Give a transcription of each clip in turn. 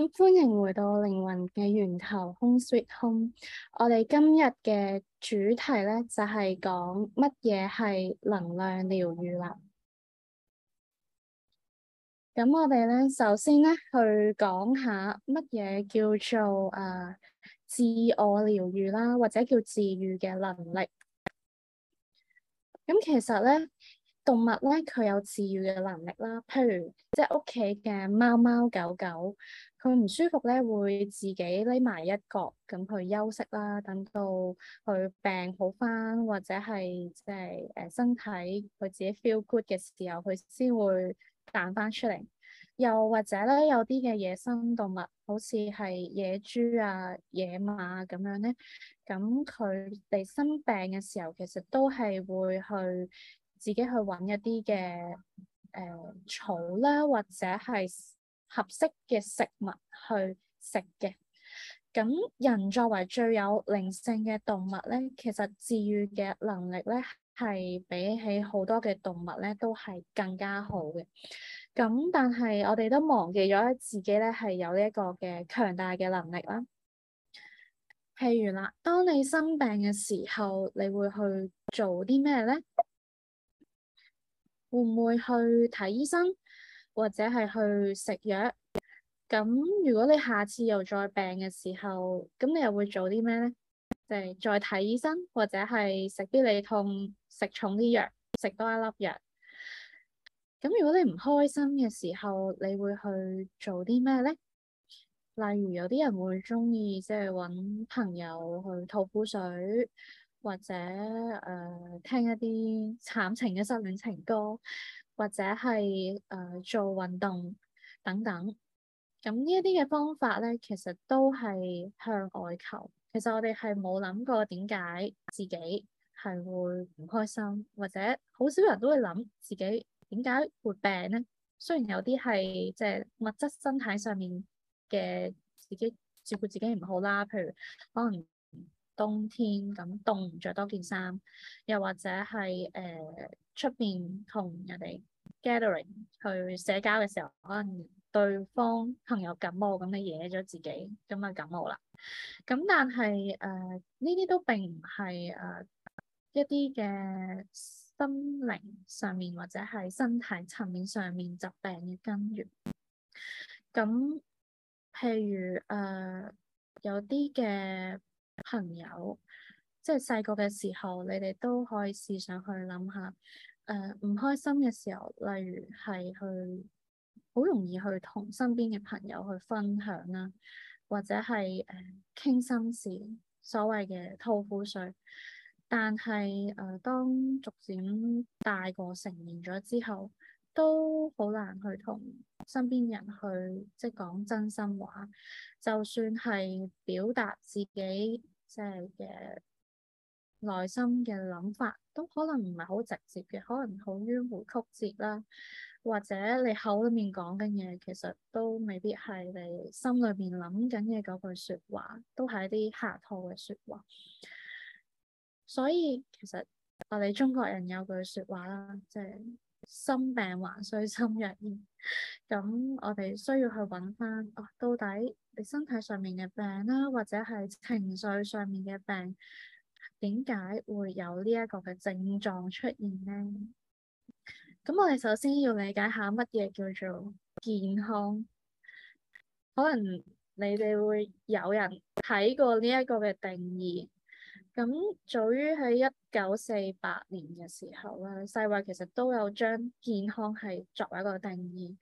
咁歡迎回到靈魂嘅源頭 Home Sweet Home。我哋今日嘅主題咧就係講乜嘢係能量療愈啦。咁我哋咧首先咧去講下乜嘢叫做誒、呃、自我療愈啦，或者叫自愈嘅能力。咁其實咧動物咧佢有自愈嘅能力啦，譬如即係屋企嘅貓貓狗狗。佢唔舒服咧，會自己匿埋一角咁去休息啦，等到佢病好翻，或者係即係誒身體佢自己 feel good 嘅時候，佢先會彈翻出嚟。又或者咧，有啲嘅野生動物，好似係野豬啊、野馬咁樣咧，咁佢哋生病嘅時候，其實都係會去自己去揾一啲嘅誒草啦，或者係，合適嘅食物去食嘅，咁人作為最有靈性嘅動物咧，其實治愈嘅能力咧係比起好多嘅動物咧都係更加好嘅。咁但係我哋都忘記咗自己咧係有呢一個嘅強大嘅能力啦。譬如啦，當你生病嘅時候，你會去做啲咩咧？會唔會去睇醫生？或者係去食藥，咁如果你下次又再病嘅時候，咁你又會做啲咩咧？就係、是、再睇醫生，或者係食啲必理痛，食重啲藥，食多一粒藥。咁如果你唔開心嘅時候，你會去做啲咩咧？例如有啲人會中意即係搵朋友去吐苦水，或者誒、呃、聽一啲慘情嘅失戀情歌。或者係誒、呃、做運動等等，咁呢一啲嘅方法咧，其實都係向外求。其實我哋係冇諗過點解自己係會唔開心，或者好少人都會諗自己點解會病咧。雖然有啲係即係物質身體上面嘅自己照顧自己唔好啦，譬如可能冬天咁凍，着多件衫，又或者係誒出面同人哋。gathering 去社交嘅時候，可能對方朋友感冒咁，你惹咗自己，咁啊感冒啦。咁但係誒，呢啲都並唔係誒一啲嘅心靈上面或者係身體層面上面疾病嘅根源。咁譬如誒，有啲嘅朋友，即係細個嘅時候，你哋都可以試上去諗下。誒，唔、呃、開心嘅時候，例如係去好容易去同身邊嘅朋友去分享啦、啊，或者係誒傾心事，所謂嘅吐苦水。但係誒、呃，當逐漸大個成年咗之後，都好難去同身邊人去即係講真心話，就算係表達自己即係嘅內心嘅諗法。咁可能唔係好直接嘅，可能好迂回曲折啦，或者你口裏面講嘅嘢，其實都未必係你心裏面諗緊嘅嗰句説話，都係一啲客套嘅説話。所以其實我哋中國人有句説話啦，即係心病還需心藥醫。咁我哋需要去揾翻哦，到底你身體上面嘅病啦、啊，或者係情緒上面嘅病。點解會有呢一個嘅症狀出現呢？咁我哋首先要理解下乜嘢叫做健康。可能你哋會有人睇過呢一個嘅定義。咁早於喺一九四八年嘅時候咧，世衛其實都有將健康係作為一個定義，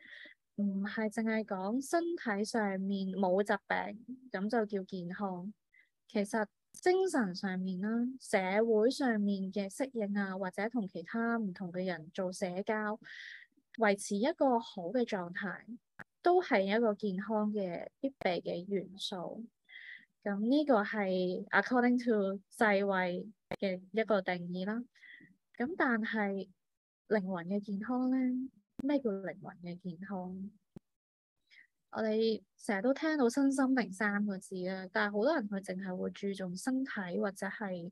唔係淨係講身體上面冇疾病咁就叫健康。其實精神上面啦，社會上面嘅適應啊，或者同其他唔同嘅人做社交，維持一個好嘅狀態，都係一個健康嘅必備嘅元素。咁呢個係 according to 世衛嘅一個定義啦。咁但係靈魂嘅健康咧，咩叫靈魂嘅健康？我哋成日都聽到身心靈三個字啦，但係好多人佢淨係會注重身體或者係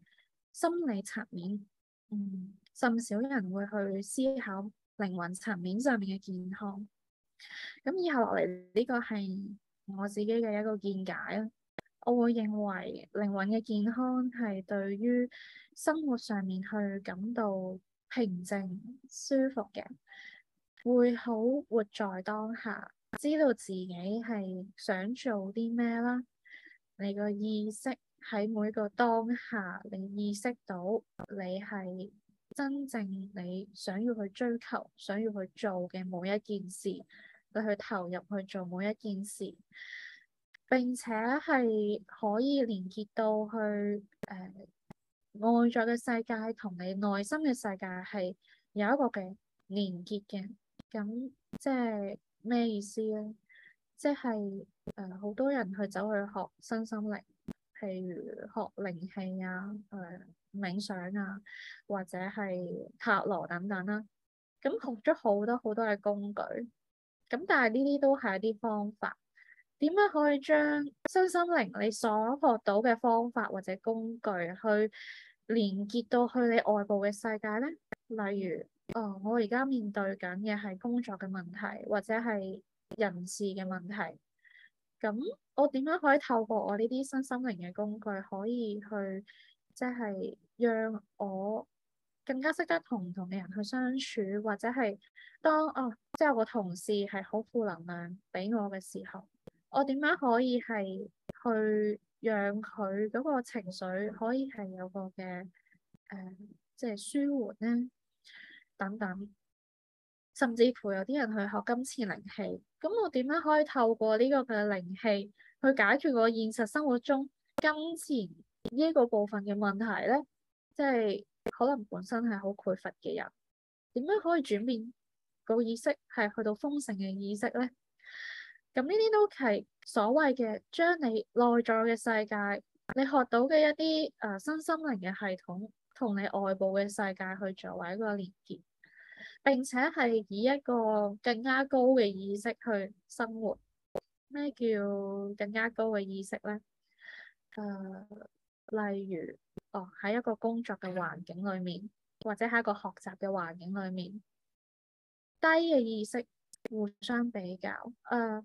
心理層面，嗯，甚少人會去思考靈魂層面上面嘅健康。咁以下落嚟呢個係我自己嘅一個見解啦。我會認為靈魂嘅健康係對於生活上面去感到平靜舒服嘅，會好活在當下。知道自己係想做啲咩啦，你個意識喺每個當下，你意識到你係真正你想要去追求，想要去做嘅每一件事，你去投入去做每一件事，並且係可以連結到去誒、呃、外在嘅世界同你內心嘅世界係有一個嘅連結嘅，咁即係。咩意思咧？即係誒，好、呃、多人去走去學身心靈，譬如學靈氣啊、誒、呃、冥想啊，或者係塔羅等等啦、啊。咁、嗯、學咗好多好多嘅工具，咁但係呢啲都係一啲方法。點樣可以將身心靈你所學到嘅方法或者工具去連結到去你外部嘅世界咧？例如。哦，oh, 我而家面對緊嘅係工作嘅問題，或者係人事嘅問題。咁我點樣可以透過我呢啲新心靈嘅工具，可以去即係、就是、讓我更加識得同唔同嘅人去相處，或者係當哦，oh, 即係個同事係好負能量俾我嘅時候，我點樣可以係去讓佢嗰個情緒可以係有個嘅誒，即、呃、係、就是、舒緩咧？等等，甚至乎有啲人去學金錢靈氣，咁我點樣可以透過呢個嘅靈氣去解決我現實生活中金錢呢個部分嘅問題咧？即係可能本身係好匱乏嘅人，點樣可以轉變個意識，係去到豐盛嘅意識咧？咁呢啲都係所謂嘅將你內在嘅世界，你學到嘅一啲誒新心靈嘅系統，同你外部嘅世界去作為一個連結。並且係以一個更加高嘅意識去生活。咩叫更加高嘅意識咧？誒、呃，例如，哦，喺一個工作嘅環境裏面，或者喺一個學習嘅環境裏面，低嘅意識互相比較。誒、呃，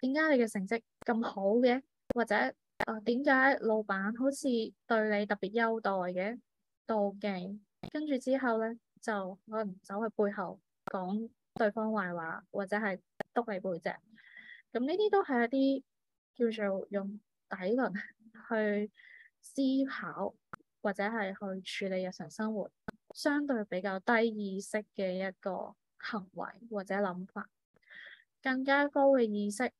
點解你嘅成績咁好嘅？或者，誒、呃，點解老闆好似對你特別優待嘅？妒忌，跟住之後咧。就可能走去背後講對方壞話，或者係督你背脊，咁呢啲都係一啲叫做用底輪去思考或者係去處理日常生活相對比較低意識嘅一個行為或者諗法。更加高嘅意識，例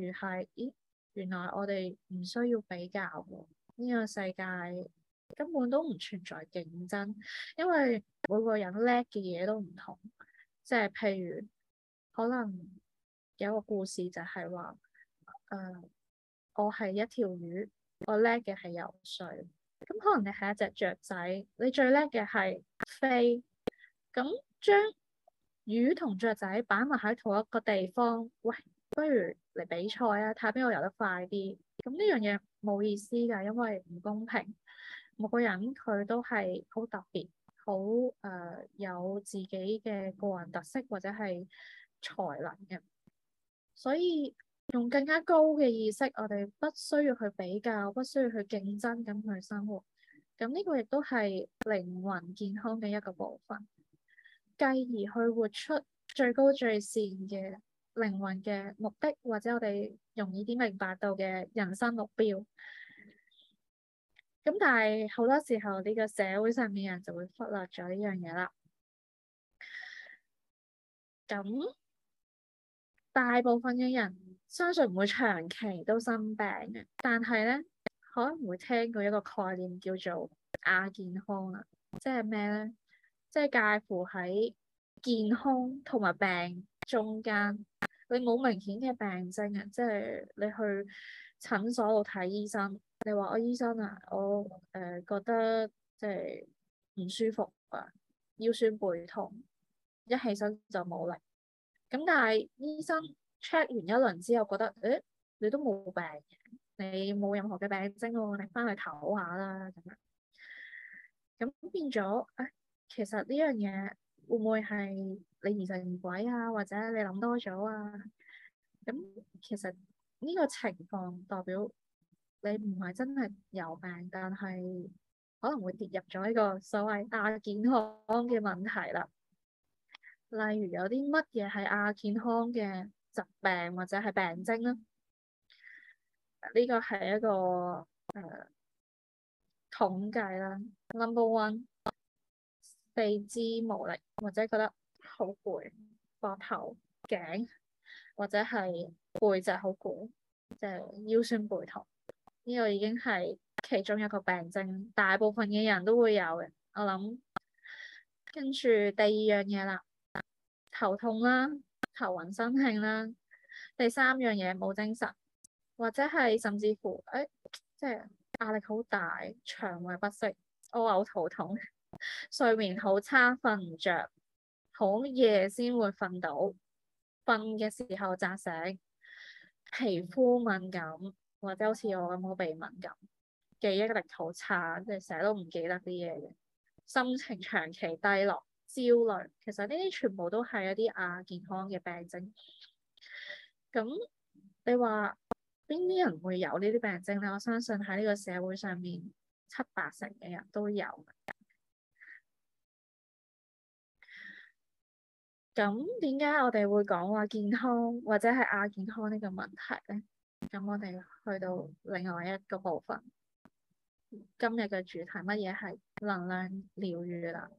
如係咦，原來我哋唔需要比較嘅，呢個世界根本都唔存在競爭，因為每個人叻嘅嘢都唔同，即係譬如可能有個故事就係話誒，我係一條魚，我叻嘅係游水。咁可能你係一隻雀仔，你最叻嘅係飛。咁將魚同雀仔擺埋喺同一個地方，喂，不如嚟比賽啊！睇下邊個游得快啲？咁呢樣嘢冇意思㗎，因為唔公平。每個人佢都係好特別。好誒，呃，有自己嘅個人特色或者係才能嘅。所以用更加高嘅意識，我哋不需要去比較，不需要去競爭咁去生活，咁呢個亦都係靈魂健康嘅一個部分，繼而去活出最高最善嘅靈魂嘅目的，或者我哋容易啲明白到嘅人生目標。咁但係好多時候呢個社會上面嘅人就會忽略咗呢樣嘢啦。咁大部分嘅人相信唔會長期都生病嘅，但係咧可能會聽過一個概念叫做亞健康啊，即係咩咧？即係介乎喺健康同埋病中間，你冇明顯嘅病徵啊，即係你去診所度睇醫生。你話我醫生啊，我誒、呃、覺得即係唔舒服啊，腰酸背痛，一起身就冇力。咁但係醫生 check 完一輪之後，覺得誒、欸、你都冇病嘅，你冇任何嘅病徵咯、啊，你翻去唞下啦咁樣。咁變咗誒、啊，其實呢樣嘢會唔會係你疑神疑鬼啊，或者你諗多咗啊？咁其實呢個情況代表？你唔係真係有病，但係可能會跌入咗呢個所謂亞健康嘅問題啦。例如有啲乜嘢係亞健康嘅疾病或者係病徵咧？呢個係一個誒、呃、統計啦。Number one，四肢無力或者覺得好攰，膊頭頸或者係背脊好攰，就係、是、腰酸背痛。呢個已經係其中一個病徵，大部分嘅人都會有嘅。我諗，跟住第二樣嘢啦，頭痛啦，頭暈身興啦。第三樣嘢冇精神，或者係甚至乎誒、哎，即係壓力好大，腸胃不適，屙嘔肚痛，睡眠好差，瞓唔着，好夜先會瞓到，瞓嘅時候扎醒，皮膚敏感。或者好似我咁好鼻敏感，記憶力好差，即係成日都唔記得啲嘢嘅，心情長期低落、焦慮，其實呢啲全部都係一啲亞健康嘅病症。咁你話邊啲人會有呢啲病症咧？我相信喺呢個社會上面，七八成嘅人都有。咁點解我哋會講話健康或者係亞健康呢個問題咧？咁我哋去到另外一個部分，今日嘅主題乜嘢係能量療癒啦？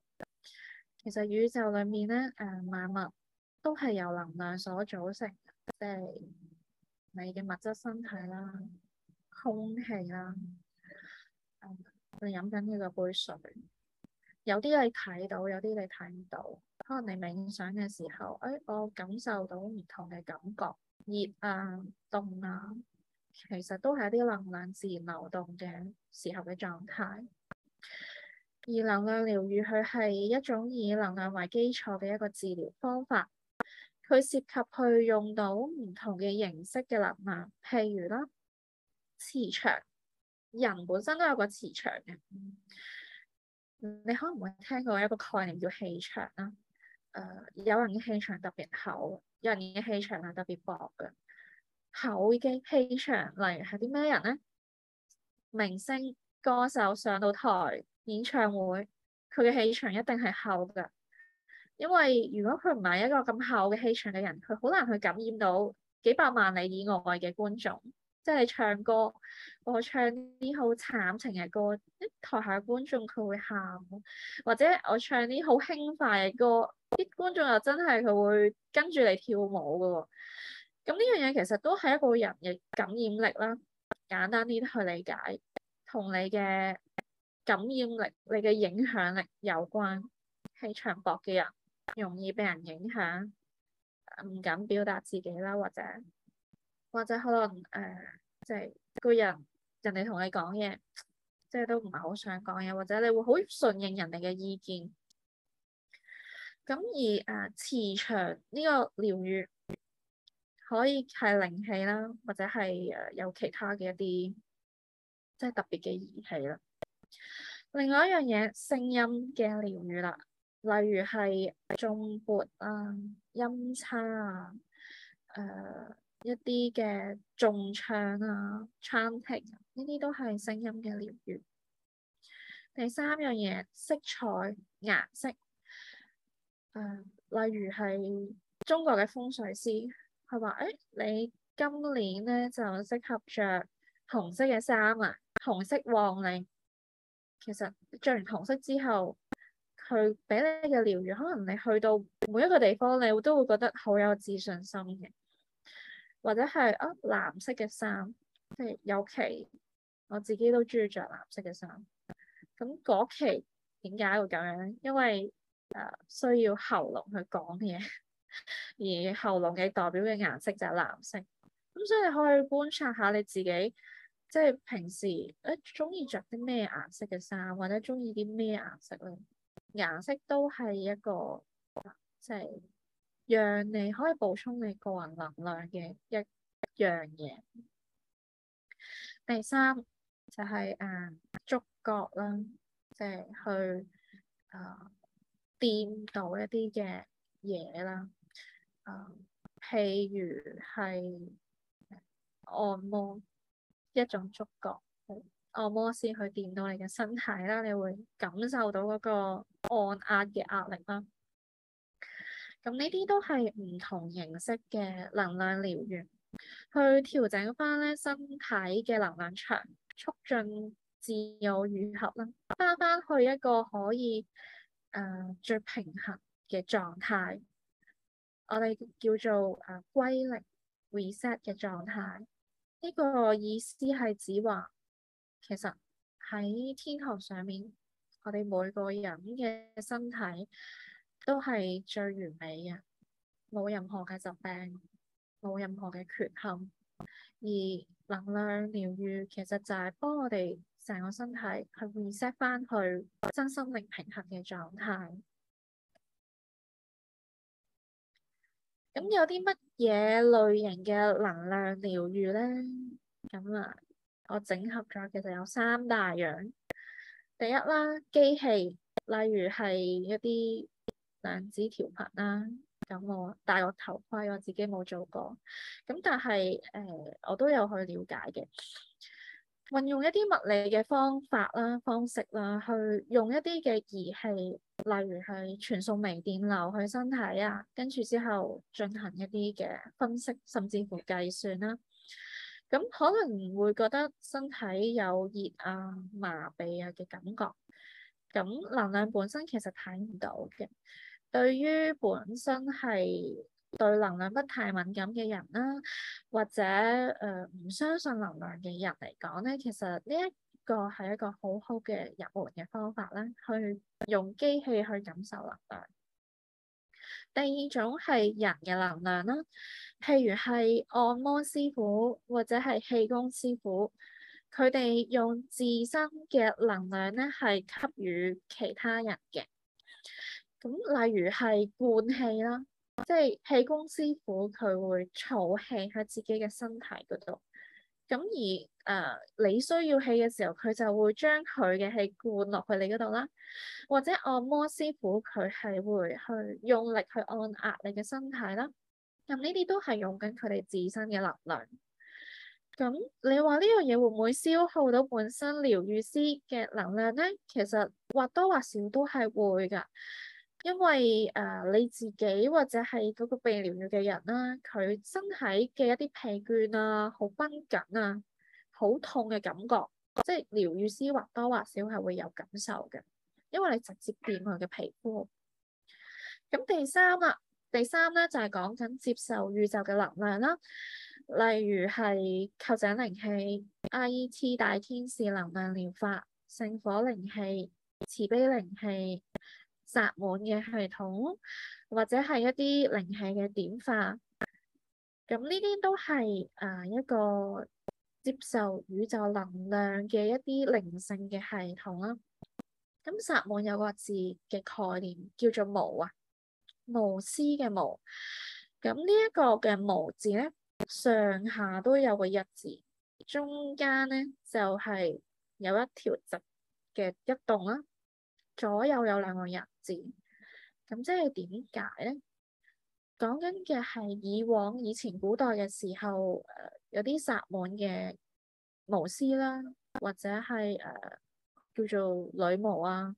其實宇宙裏面咧，誒，萬物都係由能量所組成，即係你嘅物質身體啦、空氣啦，我哋飲緊呢個杯水，有啲你睇到，有啲你睇唔到。可能你冥想嘅時候，誒，哎，我感受到唔同嘅感覺。熱啊、凍啊，其實都係一啲能量自然流動嘅時候嘅狀態。而能量療癒佢係一種以能量為基礎嘅一個治療方法，佢涉及去用到唔同嘅形式嘅能量，譬如啦，磁場，人本身都有個磁場嘅，你可能會聽過一個概念叫氣場啊。誒，uh, 有人嘅氣場特別厚，有人嘅氣場係特別薄嘅。厚嘅氣場，例如係啲咩人咧？明星歌手上到台演唱會，佢嘅氣場一定係厚㗎。因為如果佢唔係一個咁厚嘅氣場嘅人，佢好難去感染到幾百萬里以外嘅觀眾。.即係你唱歌，我唱啲好慘情嘅歌，啲台下觀眾佢會喊；或者我唱啲好輕快嘅歌，啲觀眾又真係佢會跟住你跳舞嘅。咁呢樣嘢其實都係一個人嘅感染力啦，簡單啲去理解，同你嘅感染力、你嘅影響力有關。氣場薄嘅人容易俾人影響，唔敢表達自己啦，或者。或者可能誒，即、呃、係、就是、個人人哋同你講嘢，即、就、係、是、都唔係好想講嘢，或者你會好順應人哋嘅意見。咁而誒，磁場呢個療癒可以係靈氣啦，或者係誒有其他嘅一啲即係特別嘅儀器啦。另外一樣嘢，聲音嘅療癒啦，例如係中撥啊、音叉啊、誒、呃。一啲嘅重唱啊、餐廳啊，呢啲都係聲音嘅療癒。第三樣嘢，色彩、顏色，誒、呃，例如係中國嘅風水師，佢話：誒、欸，你今年咧就適合着紅色嘅衫啊，紅色旺你。其實着完紅色之後，佢俾你嘅療癒，可能你去到每一個地方，你都會覺得好有自信心嘅。或者係啊藍色嘅衫，即係有期我自己都中意着藍色嘅衫。咁嗰期點解會咁樣？因為誒需要喉嚨去講嘢，而喉嚨嘅代表嘅顏色就係藍色。咁所以你可以觀察下你自己，即係平時誒中意着啲咩顏色嘅衫，或者中意啲咩顏色咧？顏色都係一個即係。就是讓你可以補充你個人能量嘅一一樣嘢。第三就係誒觸覺啦，即係去誒掂到一啲嘅嘢啦。誒，譬如係按摩一種觸覺，按摩師去掂到你嘅身體啦，你會感受到嗰個按壓嘅壓力啦。咁呢啲都係唔同形式嘅能量療癒，去調整翻咧身體嘅能量場，促進自愈愈合啦，翻翻去一個可以誒、呃、最平衡嘅狀態，我哋叫做誒歸、呃、零 reset 嘅狀態。呢、這個意思係指話，其實喺天堂上面，我哋每個人嘅身體。都係最完美嘅，冇任何嘅疾病，冇任何嘅缺陷。而能量療癒其實就係幫我哋成個身體去 reset 翻去身心靈平衡嘅狀態。咁有啲乜嘢類型嘅能量療癒咧？咁啊，我整合咗其實有三大樣。第一啦，機器，例如係一啲，量子調頻啦，咁我戴個頭盔，我自己冇做過。咁但係誒、呃，我都有去了解嘅，運用一啲物理嘅方法啦、方式啦，去用一啲嘅儀器，例如係傳送微電流去身體啊，跟住之後進行一啲嘅分析，甚至乎計算啦。咁可能會覺得身體有熱啊、麻痹啊嘅感覺。咁能量本身其實睇唔到嘅。對於本身係對能量不太敏感嘅人啦，或者誒唔、呃、相信能量嘅人嚟講咧，其實呢一個係一個好好嘅入門嘅方法啦，去用機器去感受能量。第二種係人嘅能量啦，譬如係按摩師傅或者係氣功師傅，佢哋用自身嘅能量咧係給予其他人嘅。咁例如係灌氣啦，即係氣功師傅佢會儲氣喺自己嘅身體嗰度。咁而誒你需要氣嘅時候，佢就會將佢嘅氣灌落去你嗰度啦。或者按摩師傅佢係會去用力去按壓你嘅身體啦。咁呢啲都係用緊佢哋自身嘅能量。咁你話呢樣嘢會唔會消耗到本身療癒師嘅能量咧？其實或多或少都係會㗎。因為誒、呃，你自己或者係嗰個被療癒嘅人啦，佢身體嘅一啲疲倦啊、好繃緊啊、好痛嘅感覺，即係療癒師或多或少係會有感受嘅，因為你直接掂佢嘅皮膚。咁第三個、啊，第三咧就係講緊接受宇宙嘅能量啦，啊，例如係臼井靈氣、IET 大天使能量療法、聖火靈氣、慈悲靈氣。薩滿嘅系統，或者係一啲靈氣嘅點化，咁呢啲都係誒一個接受宇宙能量嘅一啲靈性嘅系統啦。咁薩滿有個字嘅概念叫做無啊，無私嘅無。咁呢一個嘅無字咧，上下都有一個一字，中間咧就係、是、有一條直嘅一洞啦。左右有兩個日子，咁即係點解咧？講緊嘅係以往以前古代嘅時候，誒有啲薩滿嘅巫師啦，或者係誒、呃、叫做女巫啊，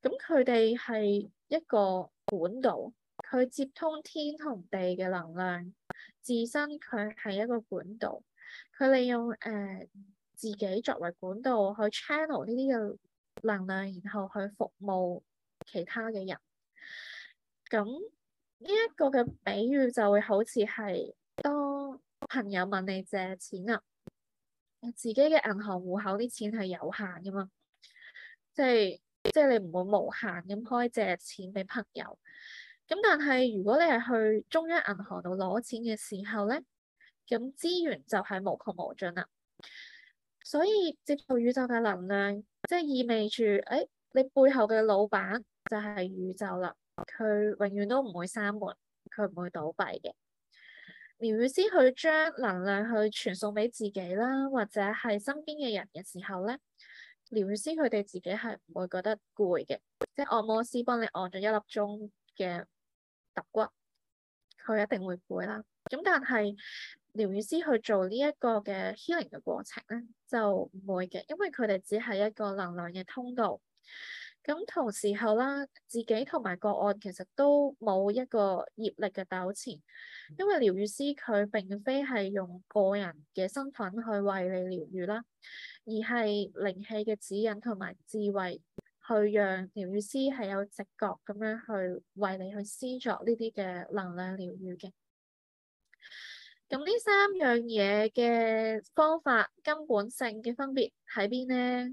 咁佢哋係一個管道，佢接通天同地嘅能量，自身佢係一個管道，佢利用誒、呃、自己作為管道去 channel 呢啲嘅。能量，然後去服務其他嘅人。咁呢一個嘅比喻就會好似係，當朋友問你借錢啊，自己嘅銀行戶口啲錢係有限噶嘛，即係即係你唔會無限咁可以借錢俾朋友。咁但係如果你係去中央銀行度攞錢嘅時候咧，咁資源就係無窮無盡啦。所以接受宇宙嘅能量。即係意味住，誒、哎，你背後嘅老闆就係宇宙啦，佢永遠都唔會閂門，佢唔會倒閉嘅。療癒師去將能量去傳送俾自己啦，或者係身邊嘅人嘅時候咧，療癒師佢哋自己係唔會覺得攰嘅。即係按摩師幫你按咗一粒鐘嘅揼骨，佢一定會攰啦。咁但係療癒師去做呢一個嘅 healing 嘅過程咧，就唔會嘅，因為佢哋只係一個能量嘅通道。咁同時候啦，自己同埋個案其實都冇一個業力嘅糾纏，因為療癒師佢並非係用個人嘅身份去為你療癒啦，而係靈氣嘅指引同埋智慧去讓療癒師係有直覺咁樣去為你去施作呢啲嘅能量療癒嘅。咁呢三樣嘢嘅方法根本性嘅分別喺邊咧？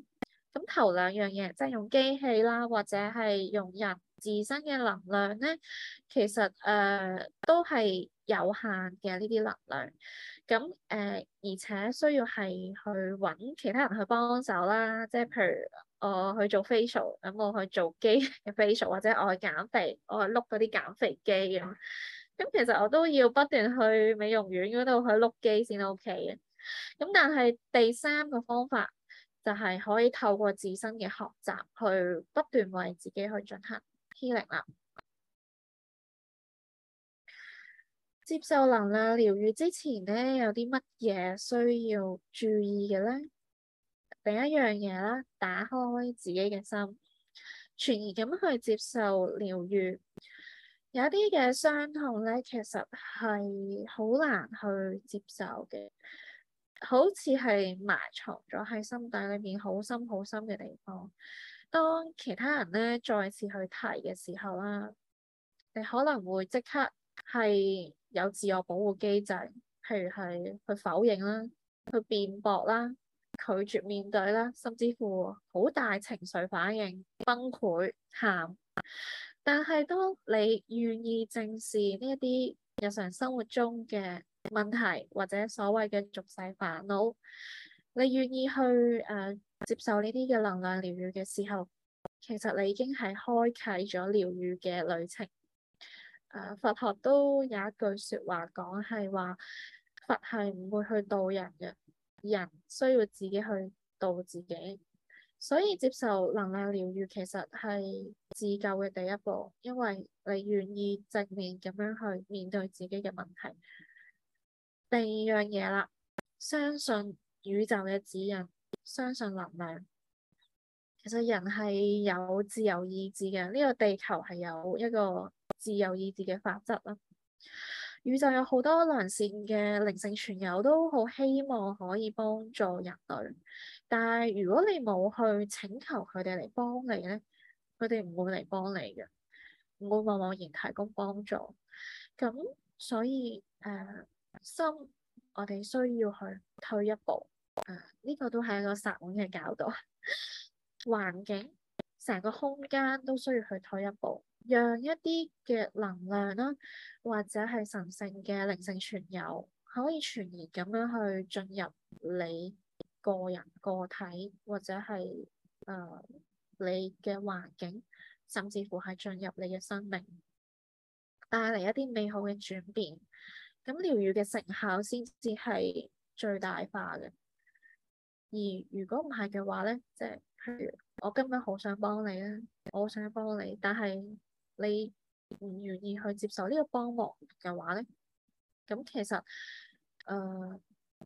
咁頭兩樣嘢，即係用機器啦，或者係用人自身嘅能量咧，其實誒、呃、都係有限嘅呢啲能量。咁誒、呃、而且需要係去揾其他人去幫手啦，即係譬如我去做 facial，咁我去做機嘅 facial，或者我去減肥，我去碌嗰啲減肥機咁。咁其實我都要不斷去美容院嗰度去碌機先 OK 嘅。咁但係第三個方法就係可以透過自身嘅學習去不斷為自己去進行 healing 啦。接受能量療癒之前咧，有啲乜嘢需要注意嘅咧？第一樣嘢啦，打開自己嘅心，全然咁去接受療癒。有啲嘅傷痛咧，其實係好難去接受嘅，好似係埋藏咗喺心底裏面好深好深嘅地方。當其他人咧再次去提嘅時候啦，你可能會即刻係有自我保護機制，譬如係去否認啦、去辯駁啦、拒絕面對啦，甚至乎好大情緒反應、崩潰、喊。但係，當你願意正視呢一啲日常生活中嘅問題，或者所謂嘅俗世煩惱，你願意去誒、呃、接受呢啲嘅能量療癒嘅時候，其實你已經係開啟咗療癒嘅旅程。誒、呃，佛學都有一句説話講係話，佛係唔會去度人嘅，人需要自己去度自己。所以接受能量療癒，其實係自救嘅第一步，因為你願意正面咁樣去面對自己嘅問題。第二樣嘢啦，相信宇宙嘅指引，相信能量。其實人係有自由意志嘅，呢個地球係有一個自由意志嘅法則啦。宇宙有好多良善嘅靈性存有，都好希望可以幫助人類。但係如果你冇去請求佢哋嚟幫你咧。佢哋唔會嚟幫你嘅，唔會默默然提供幫助。咁所以誒、呃，心我哋需要去退一步，誒、呃、呢、這個都係一個撒網嘅教導。 環境成個空間都需要去退一步，讓一啲嘅能量啦，或者係神聖嘅靈性存有，可以全然咁樣去進入你個人個體或者係誒。呃你嘅環境，甚至乎係進入你嘅生命，帶嚟一啲美好嘅轉變。咁療癒嘅成效先至係最大化嘅。而如果唔係嘅話咧，即係譬如我今日好想幫你啦，我想幫你，但係你唔願意去接受呢個幫忙嘅話咧，咁其實誒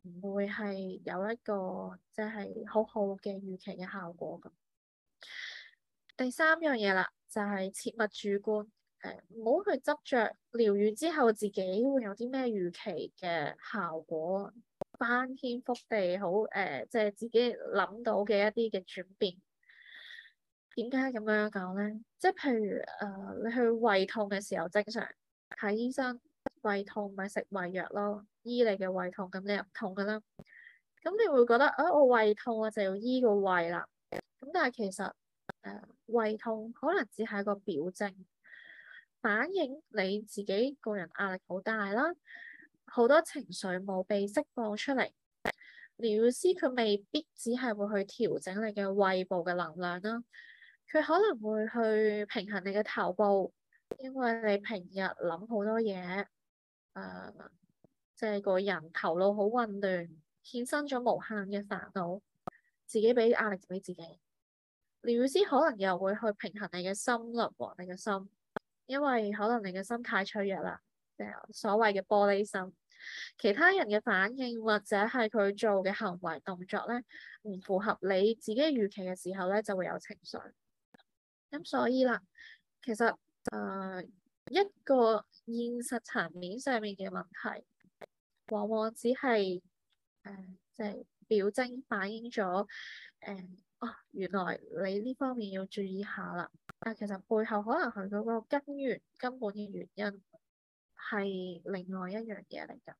唔會係有一個即係好好嘅預期嘅效果㗎。第三樣嘢啦，就係、是、切勿主觀，誒、呃，唔好去執着。療癒之後自己會有啲咩預期嘅效果，翻天覆地好誒、呃，即係自己諗到嘅一啲嘅轉變。點解咁樣講咧？即係譬如誒、呃，你去胃痛嘅時候，正常睇醫生，胃痛咪食胃藥咯，醫你嘅胃痛，咁你又唔痛噶啦。咁你會覺得，啊、呃，我胃痛我就要醫個胃啦。咁但係其實，誒，胃痛可能只係個表症，反映你自己個人壓力好大啦，好多情緒冇被釋放出嚟。療師佢未必只係會去調整你嘅胃部嘅能量啦，佢可能會去平衡你嘅頭部，因為你平日諗好多嘢，誒，即係個人頭腦好混亂，衍生咗無限嘅煩惱，自己俾壓力俾自己。療師可能又會去平衡你嘅心率和你嘅心，因為可能你嘅心太脆弱啦，即係所謂嘅玻璃心。其他人嘅反應或者係佢做嘅行為動作咧，唔符合你自己預期嘅時候咧，就會有情緒。咁所以啦，其實誒、呃、一個現實層面上面嘅問題，往往只係誒即係表徵反映咗誒。呃哦，原來你呢方面要注意下啦。但其實背後可能佢嗰個根源根本嘅原因係另外一樣嘢嚟㗎。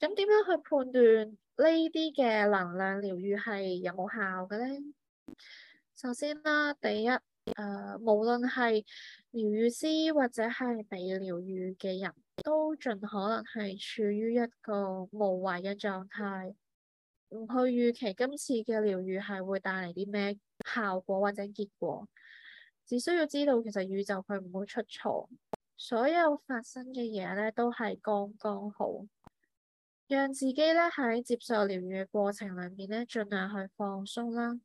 咁點樣去判斷呢啲嘅能量療愈係有冇效嘅咧？首先啦，第一，誒、呃，無論係療愈師或者係被療愈嘅人都盡可能係處於一個無為嘅狀態。唔去預期今次嘅療愈係會帶嚟啲咩效果或者結果，只需要知道其實宇宙佢唔會出錯，所有發生嘅嘢呢都係剛剛好。讓自己呢喺接受療愈嘅過程裏面呢盡量去放鬆啦，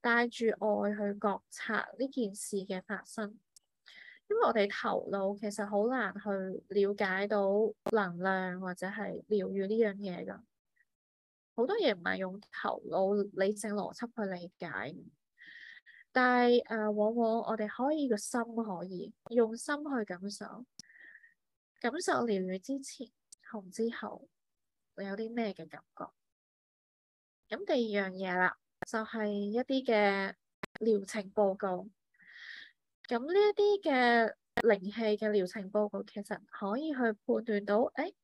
帶住愛去覺察呢件事嘅發生，因為我哋頭腦其實好難去了解到能量或者係療愈呢樣嘢㗎。好多嘢唔係用頭腦理性邏輯去理解，但係誒、啊，往往我哋可以個心可以用心去感受，感受療癒之前同之後，有啲咩嘅感覺。咁第二樣嘢啦，就係、是、一啲嘅療程報告。咁呢一啲嘅靈氣嘅療程報告，其實可以去判斷到，誒、欸。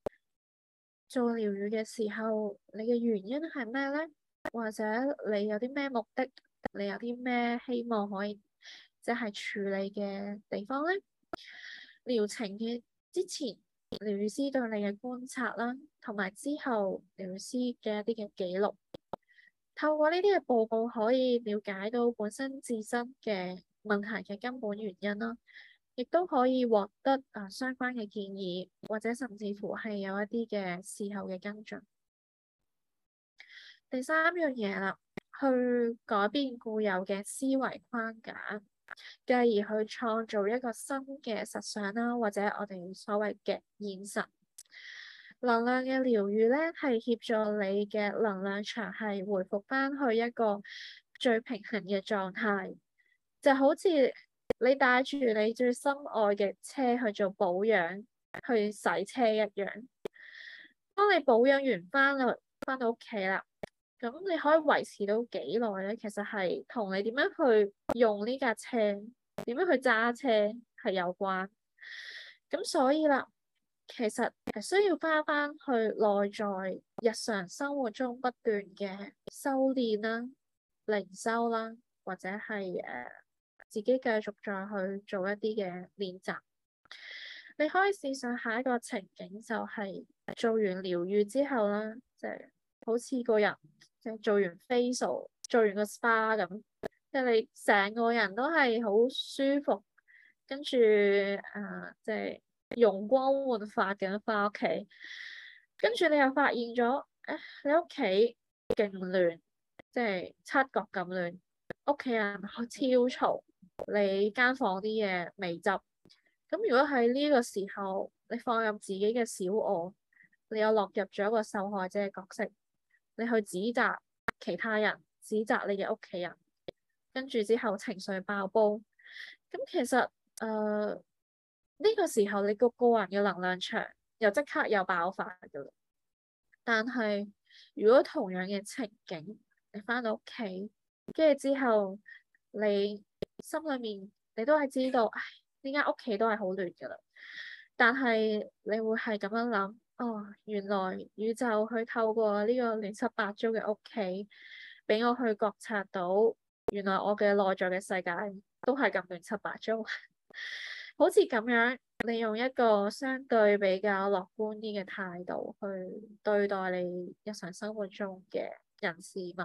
做療癒嘅時候，你嘅原因係咩咧？或者你有啲咩目的？你有啲咩希望可以即係、就是、處理嘅地方咧？療程嘅之前，療癒師對你嘅觀察啦，同埋之後療癒師嘅一啲嘅記錄，透過呢啲嘅報告可以了解到本身自身嘅問題嘅根本原因啦。亦都可以獲得啊相關嘅建議，或者甚至乎係有一啲嘅事後嘅跟進。第三樣嘢啦，去改變固有嘅思維框架，繼而去創造一個新嘅實相啦，或者我哋所謂嘅現實。能量嘅療癒咧，係協助你嘅能量場係回復返去一個最平衡嘅狀態，就好似，你帶住你最心愛嘅車去做保養，去洗車一樣。當你保養完翻啦，翻到屋企啦，咁你可以維持到幾耐咧？其實係同你點樣去用呢架車，點樣去揸車係有關。咁所以啦，其實係需要翻返去內在日常生活中不斷嘅修煉啦、啊、靈修啦、啊，或者係誒。自己繼續再去做一啲嘅練習，你可以試想下一個情景，就係、是、做完療癒之後啦，即係好似個人即係、就是、做完 facial、做完個 spa 咁，即、就、係、是、你成個人都係好舒服，跟住誒即係容光煥發咁返屋企，跟住你又發現咗，誒你屋企勁亂，即、就、係、是、七國咁亂，屋企人好超嘈。你間房啲嘢未執，咁如果喺呢個時候你放入自己嘅小我，你又落入咗一個受害者嘅角色，你去指責其他人，指責你嘅屋企人，跟住之後情緒爆煲，咁其實誒呢、呃這個時候你個個人嘅能量場又即刻又爆發噶啦，但係如果同樣嘅情景，你返到屋企，跟住之後你。心裏面你都係知道，唉，呢間屋企都係好亂噶啦，但係你會係咁樣諗，哦，原來宇宙去透過呢個亂七八糟嘅屋企，俾我去覺察到，原來我嘅內在嘅世界都係咁亂七八糟。 好似咁樣，你用一個相對比較樂觀啲嘅態度去對待你日常生活中嘅人事物。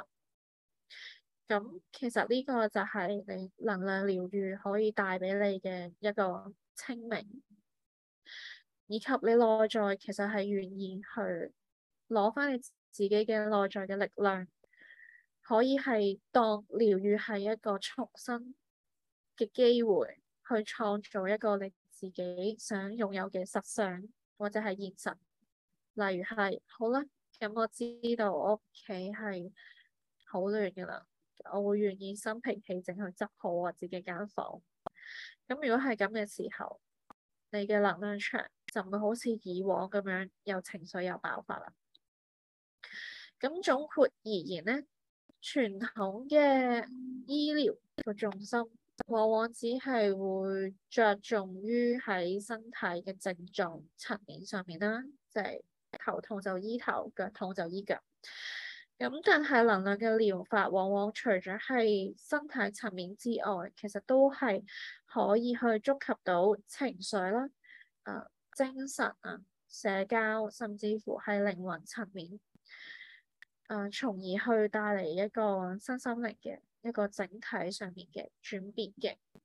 咁其實呢個就係你能量療癒可以帶俾你嘅一個清明，以及你內在其實係願意去攞返你自己嘅內在嘅力量，可以係當療癒係一個重生嘅機會，去創造一個你自己想擁有嘅實相或者係現實。例如係好啦，咁我知道我屋企係好亂㗎喇。我會願意心平氣靜去執好我自己間房。咁如果係咁嘅時候，你嘅能量場就唔會好似以往咁樣有情緒有爆發啦。咁總括而言咧，傳統嘅醫療個重心往往只係會着重於喺身體嘅症狀層面上面啦，就係、是、頭痛就醫頭，腳痛就醫腳。咁但係能量嘅療法，往往除咗係身體層面之外，其實都係可以去觸及到情緒啦、誒、呃、精神啊、社交，甚至乎係靈魂層面，誒、呃，從而去帶嚟一個身心靈嘅一個整體上面嘅轉變嘅。